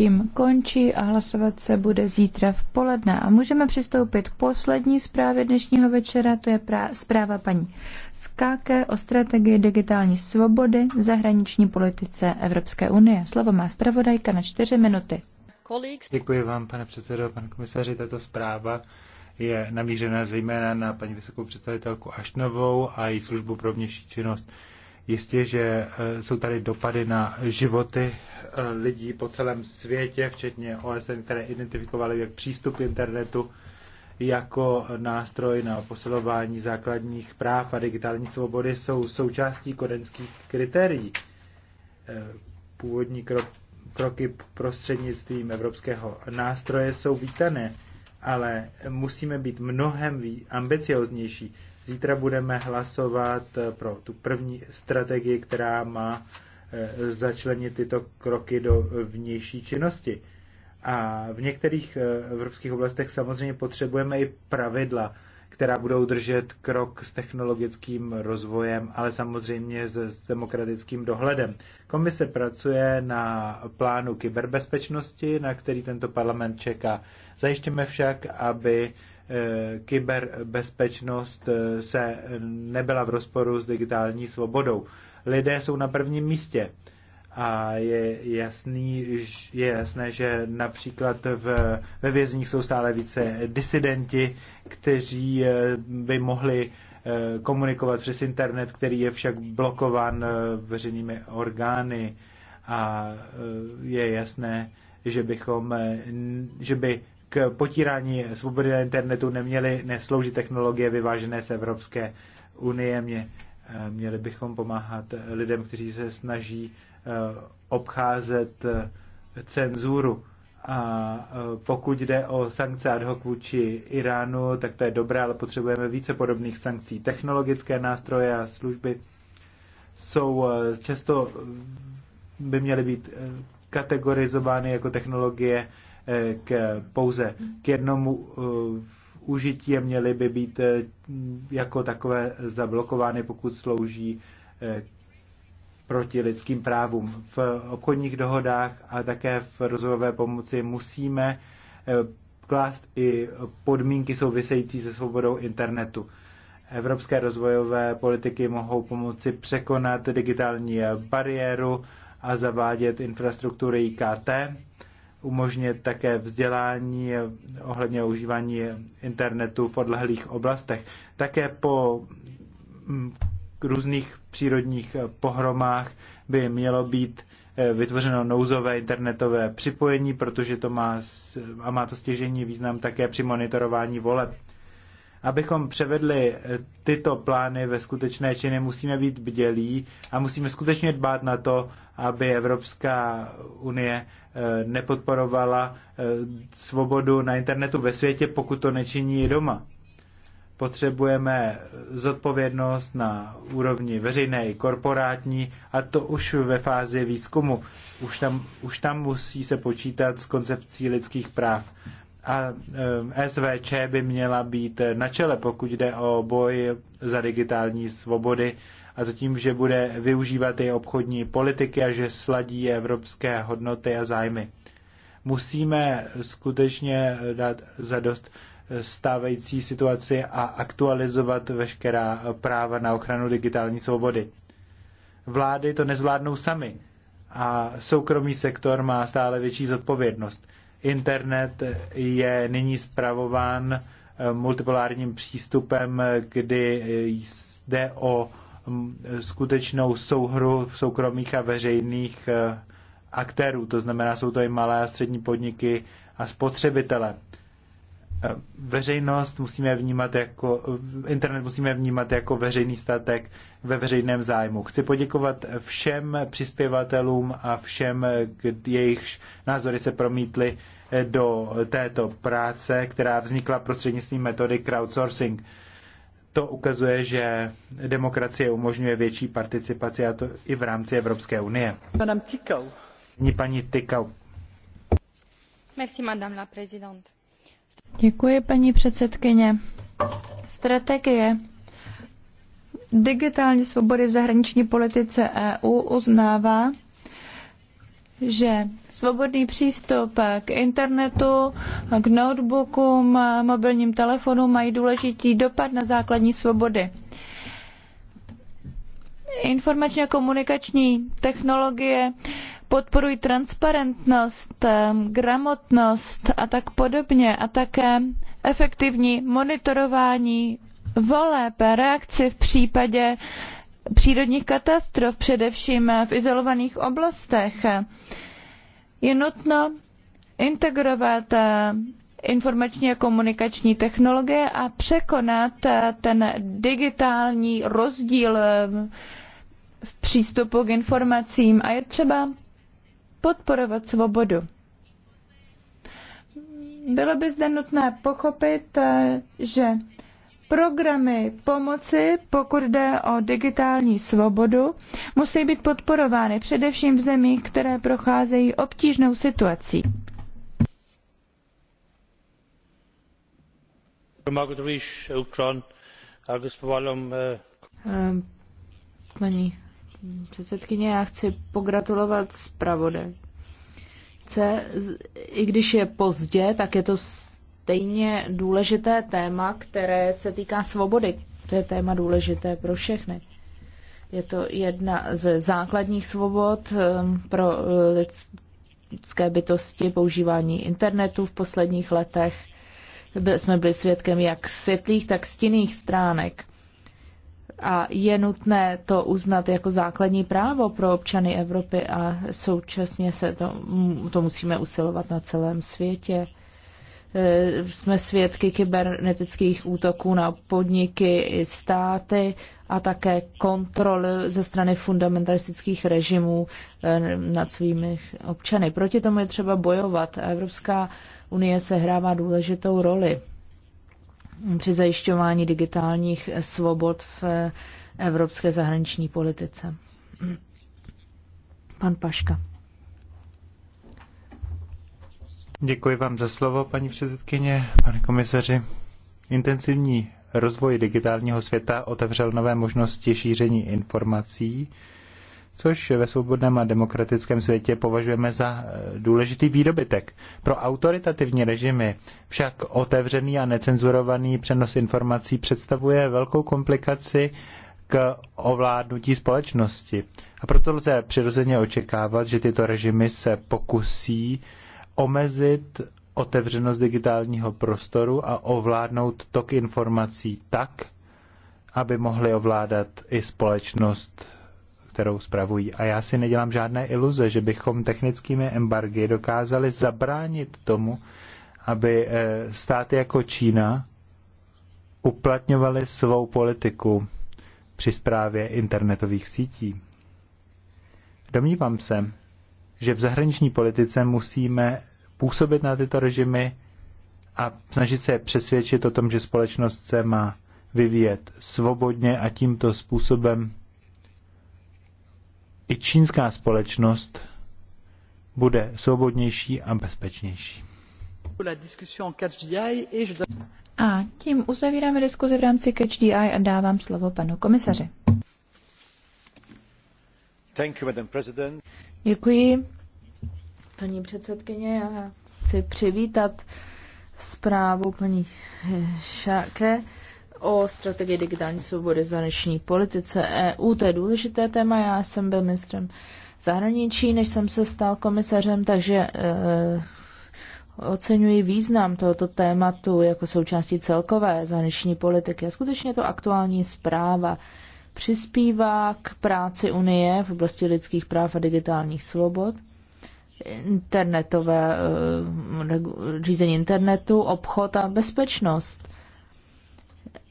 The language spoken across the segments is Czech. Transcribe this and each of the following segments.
tím končí a hlasovat se bude zítra v poledne. A můžeme přistoupit k poslední zprávě dnešního večera, to je zpráva paní Skáke o strategii digitální svobody v zahraniční politice Evropské unie. Slovo má zpravodajka na čtyři minuty. Děkuji vám, pane předsedo, pane komisaři, tato zpráva je namířena zejména na paní vysokou představitelku Ašnovou a její službu pro vnější činnost Jistě, že eh, jsou tady dopady na životy eh, lidí po celém světě, včetně OSN, které identifikovaly jak přístup internetu jako nástroj na posilování základních práv a digitální svobody jsou součástí kodenských kritérií. Eh, původní krok, kroky prostřednictvím evropského nástroje jsou vítané, ale musíme být mnohem ambicioznější Zítra budeme hlasovat eh, pro tu první strategii, která má eh, začlenit tyto kroky do eh, vnější činnosti. A v některých evropských oblastech samozřejmě potřebujeme i pravidla, která budou držet krok s technologickým rozvojem, ale samozřejmě s, demokratickým dohledem. Komise pracuje na plánu kyberbezpečnosti, na který tento parlament čeká. Zajištěme však, aby Eh, kyberbezpečnost eh, se nebyla v rozporu s digitální svobodou. Lidé jsou na prvním místě a je, jasný, je jasné, že například v, ve vězních jsou stále více disidenti, kteří eh, by mohli komunikovat přes internet, který je však blokován veřejnými orgány a je jasné, že bychom, že by k potírání svobody na internetu neměly nesloužit technologie vyvážené z Evropské unie. Mě, eh, měli bychom pomáhat lidem, kteří se snaží eh, obcházet eh, cenzuru. A pokud jde o sankce ad hoc vůči Iránu, tak to je dobré, ale potřebujeme více podobných sankcí. Technologické nástroje a služby jsou často by měly být kategorizovány jako technologie, Eh, k, pouze k jednomu uh, užití a měly by být eh, jako takové zablokovány, pokud slouží proti lidským právům. V obchodních dohodách a také v rozvojové pomoci musíme klást i podmínky související se svobodou internetu. Evropské rozvojové politiky mohou pomoci překonat digitální bariéru a zavádět infrastruktury IKT umožnit také vzdělání ohledně užívání internetu v odlehlých oblastech. Také po mm, různých přírodních pohromách by mělo být eh, vytvořeno nouzové internetové připojení, protože to má, a má to stěžení význam také při monitorování voleb. Abychom převedli eh, tyto plány ve skutečné činy, musíme být bdělí a musíme skutečně dbát na to, aby Evropská unie eh, nepodporovala eh, svobodu na internetu ve světě, pokud to nečiní i doma. Potřebujeme zodpovědnost na úrovni veřejné i korporátní a to už ve fázi výzkumu. Už tam, už tam musí se počítat s koncepcí lidských práv a eh, SVČ by měla být na čele, pokud jde o boj za digitální svobody a to tím, že bude využívat i obchodní politiky a že sladí evropské hodnoty a zájmy. Musíme skutečně dát za dost stávající situaci a aktualizovat veškerá práva na ochranu digitální svobody. Vlády to nezvládnou sami a soukromý sektor má stále větší zodpovědnost. Internet je nyní zpravován eh, multipolárním přístupem, kdy jde o mm, skutečnou souhru soukromých a veřejných eh, aktérů, to znamená, jsou to i malé a střední podniky a spotřebitele veřejnost musíme vnímat jako, internet musíme vnímat jako veřejný statek ve veřejném zájmu. Chci poděkovat všem přispěvatelům a všem, jejichž názory se promítly eh, do této práce, která vznikla prostřednictvím metody crowdsourcing. To ukazuje, že demokracie umožňuje větší participaci a to i v rámci Evropské unie. Madame Tikau. Paní Tikau. Merci, madame la présidente Děkuji, paní předsedkyně. Strategie digitální svobody v zahraniční politice EU uznává, že svobodný přístup k internetu, k notebookům, mobilním telefonům mají důležitý dopad na základní svobody. Informačně komunikační technologie podporují transparentnost, eh, gramotnost a tak podobně a také efektivní monitorování voleb, a reakci v případě přírodních katastrof, především eh, v izolovaných oblastech. Je nutno integrovat eh, informační a komunikační technologie a překonat ten digitální rozdíl v přístupu k informacím. A je třeba podporovat svobodu. Bylo by zde nutné pochopit, eh, že programy pomoci, pokud jde o digitální svobodu, musí být podporovány především v zemích, které procházejí obtížnou situací. Eh, ehm, paní předsedkyně, já chci pogratulovat zpravodaj. I když je pozdě, tak je to stejně důležité téma, které se týká svobody. To je téma důležité pro všechny. Je to jedna ze základních svobod um, pro uh, lidské bytosti, používání internetu v posledních letech. Jsme byli svědkem jak světlých, tak stinných stránek a je nutné to uznat jako základní právo pro občany Evropy a současně se to, to musíme usilovat na celém světě. E, jsme svědky kybernetických útoků na podniky i státy a také kontrol ze strany fundamentalistických režimů e, nad svými občany. Proti tomu je třeba bojovat. Evropská unie sehrává důležitou roli při zajišťování digitálních svobod v evropské zahraniční politice. Pan Paška. Děkuji vám za slovo, paní předsedkyně, pane komisaři. Intenzivní rozvoj digitálního světa otevřel nové možnosti šíření informací, což ve svobodném a demokratickém světě považujeme za eh, důležitý výdobytek. Pro autoritativní režimy však otevřený a necenzurovaný přenos informací představuje velkou komplikaci k ovládnutí společnosti. A proto lze přirozeně očekávat, že tyto režimy se pokusí omezit otevřenost digitálního prostoru a ovládnout tok informací tak, aby mohli ovládat i společnost kterou spravují. A já si nedělám žádné iluze, že bychom technickými embargy dokázali zabránit tomu, aby eh, státy jako Čína uplatňovaly svou politiku při zprávě internetových sítí. Domnívám se, že v zahraniční politice musíme působit na tyto režimy a snažit se přesvědčit o tom, že společnost se má vyvíjet svobodně a tímto způsobem i čínská společnost bude svobodnější a bezpečnější. A tím uzavíráme diskuzi v rámci CatchDI a dávám slovo panu komisaři. Thank you, Madam President. Děkuji, paní předsedkyně. Já chci přivítat zprávu paní Šáke o strategii digitální svobody dnešní politice EU. To je důležité téma. Já jsem byl ministrem zahraničí, než jsem se stal komisařem, takže eh, oceňuji význam tohoto tématu jako součástí celkové zahraniční politiky. A skutečně to aktuální zpráva přispívá k práci Unie v oblasti lidských práv a digitálních svobod, internetové, eh, řízení internetu, obchod a bezpečnost.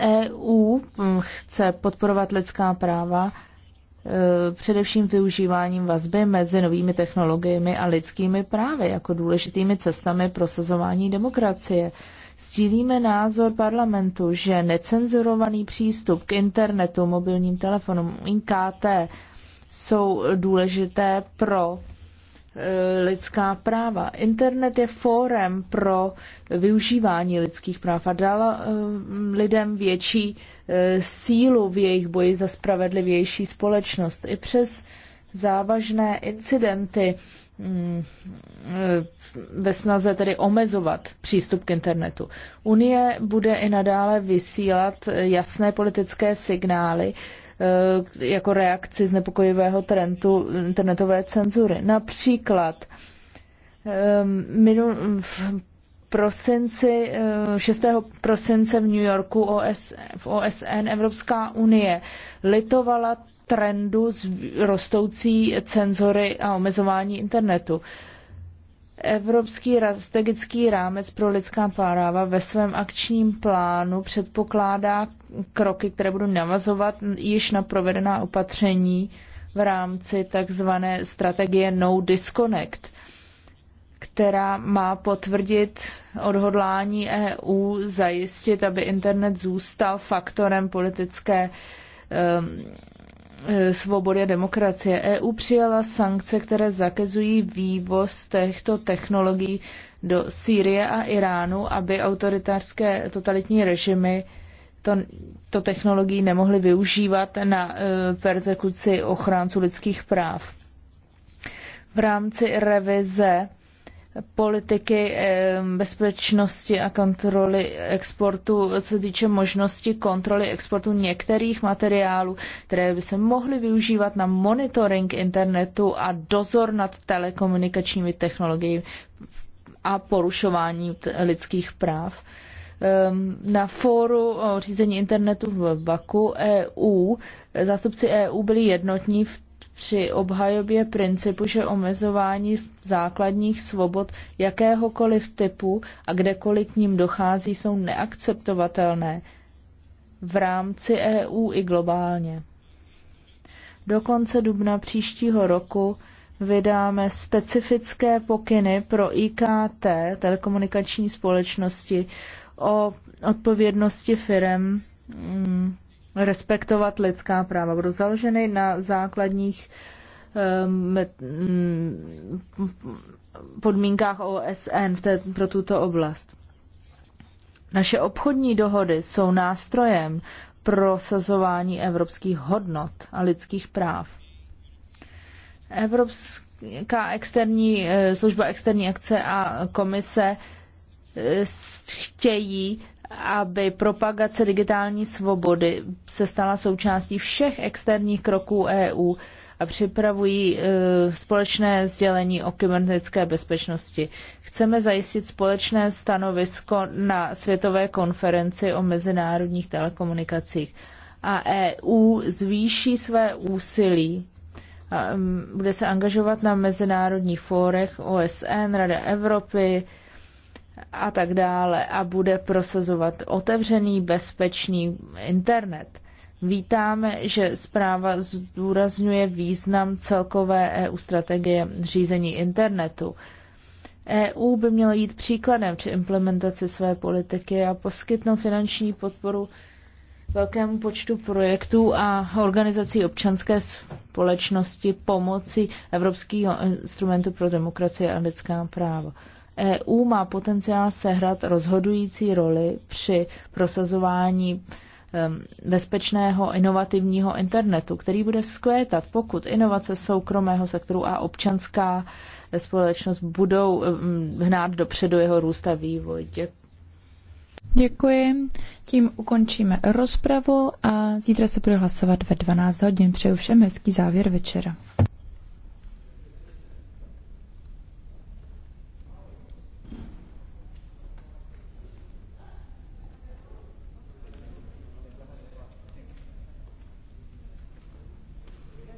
EU hm, chce podporovat lidská práva e, především využíváním vazby mezi novými technologiemi a lidskými právy jako důležitými cestami prosazování demokracie. Sdílíme názor parlamentu, že necenzurovaný přístup k internetu, mobilním telefonům, IKT jsou důležité pro Eh, lidská práva. Internet je fórem pro využívání lidských práv a dala eh, lidem větší eh, sílu v jejich boji za spravedlivější společnost. I přes závažné incidenty mm, ve snaze tedy omezovat přístup k internetu. Unie bude i nadále vysílat jasné politické signály, Eh, jako reakci z nepokojivého trendu internetové cenzury. Například eh, minul, v prosinci, 6. Eh, prosince v New Yorku OS, v OSN Evropská unie litovala trendu z rostoucí cenzory a omezování internetu. Evropský strategický rámec pro lidská práva ve svém akčním plánu předpokládá kroky, které budou navazovat již na provedená opatření v rámci takzvané strategie No Disconnect, která má potvrdit odhodlání EU zajistit, aby internet zůstal faktorem politické um, E, svobody a demokracie. EU přijala sankce, které zakazují vývoz těchto technologií do Sýrie a Iránu, aby autoritářské totalitní režimy to, to technologii nemohly využívat na e, persekuci ochránců lidských práv. V rámci revize politiky bezpečnosti a kontroly exportu, co týče možnosti kontroly exportu některých materiálů, které by se mohly využívat na monitoring internetu a dozor nad telekomunikačními technologiemi a porušování lidských práv. Na fóru o řízení internetu v Baku EU zástupci EU byli jednotní v při obhajobě principu, že omezování základních svobod jakéhokoliv typu a kdekoliv k ním dochází, jsou neakceptovatelné v rámci EU i globálně. Do konce dubna příštího roku vydáme specifické pokyny pro IKT, telekomunikační společnosti, o odpovědnosti firem mm, respektovat lidská práva. Budou založeny na základních ehm, mm, podmínkách OSN v té, pro tuto oblast. Naše obchodní dohody jsou nástrojem prosazování evropských hodnot a lidských práv. Evropská externí eh, služba externí akce a komise eh, chtějí aby propagace digitální svobody se stala součástí všech externích kroků EU a připravují e, společné sdělení o kybernetické bezpečnosti. Chceme zajistit společné stanovisko na světové konferenci o mezinárodních telekomunikacích a EU zvýší své úsilí bude se angažovat na mezinárodních fórech OSN, Rada Evropy, a tak dále a bude prosazovat otevřený, bezpečný internet. Vítáme, že zpráva zdůrazňuje význam celkové EU strategie řízení internetu. EU by mělo jít příkladem při implementaci své politiky a poskytnout finanční podporu velkému počtu projektů a organizací občanské společnosti pomocí Evropského instrumentu pro demokracii a lidská práva. EU má potenciál sehrát rozhodující roli při prosazování bezpečného inovativního internetu, který bude skvětat, pokud inovace soukromého sektoru a občanská e, společnost budou hnát dopředu jeho růst a vývoj. Děkuji. Tím ukončíme rozpravu a zítra se bude hlasovat ve 12 hodin. Přeju všem hezký závěr večera.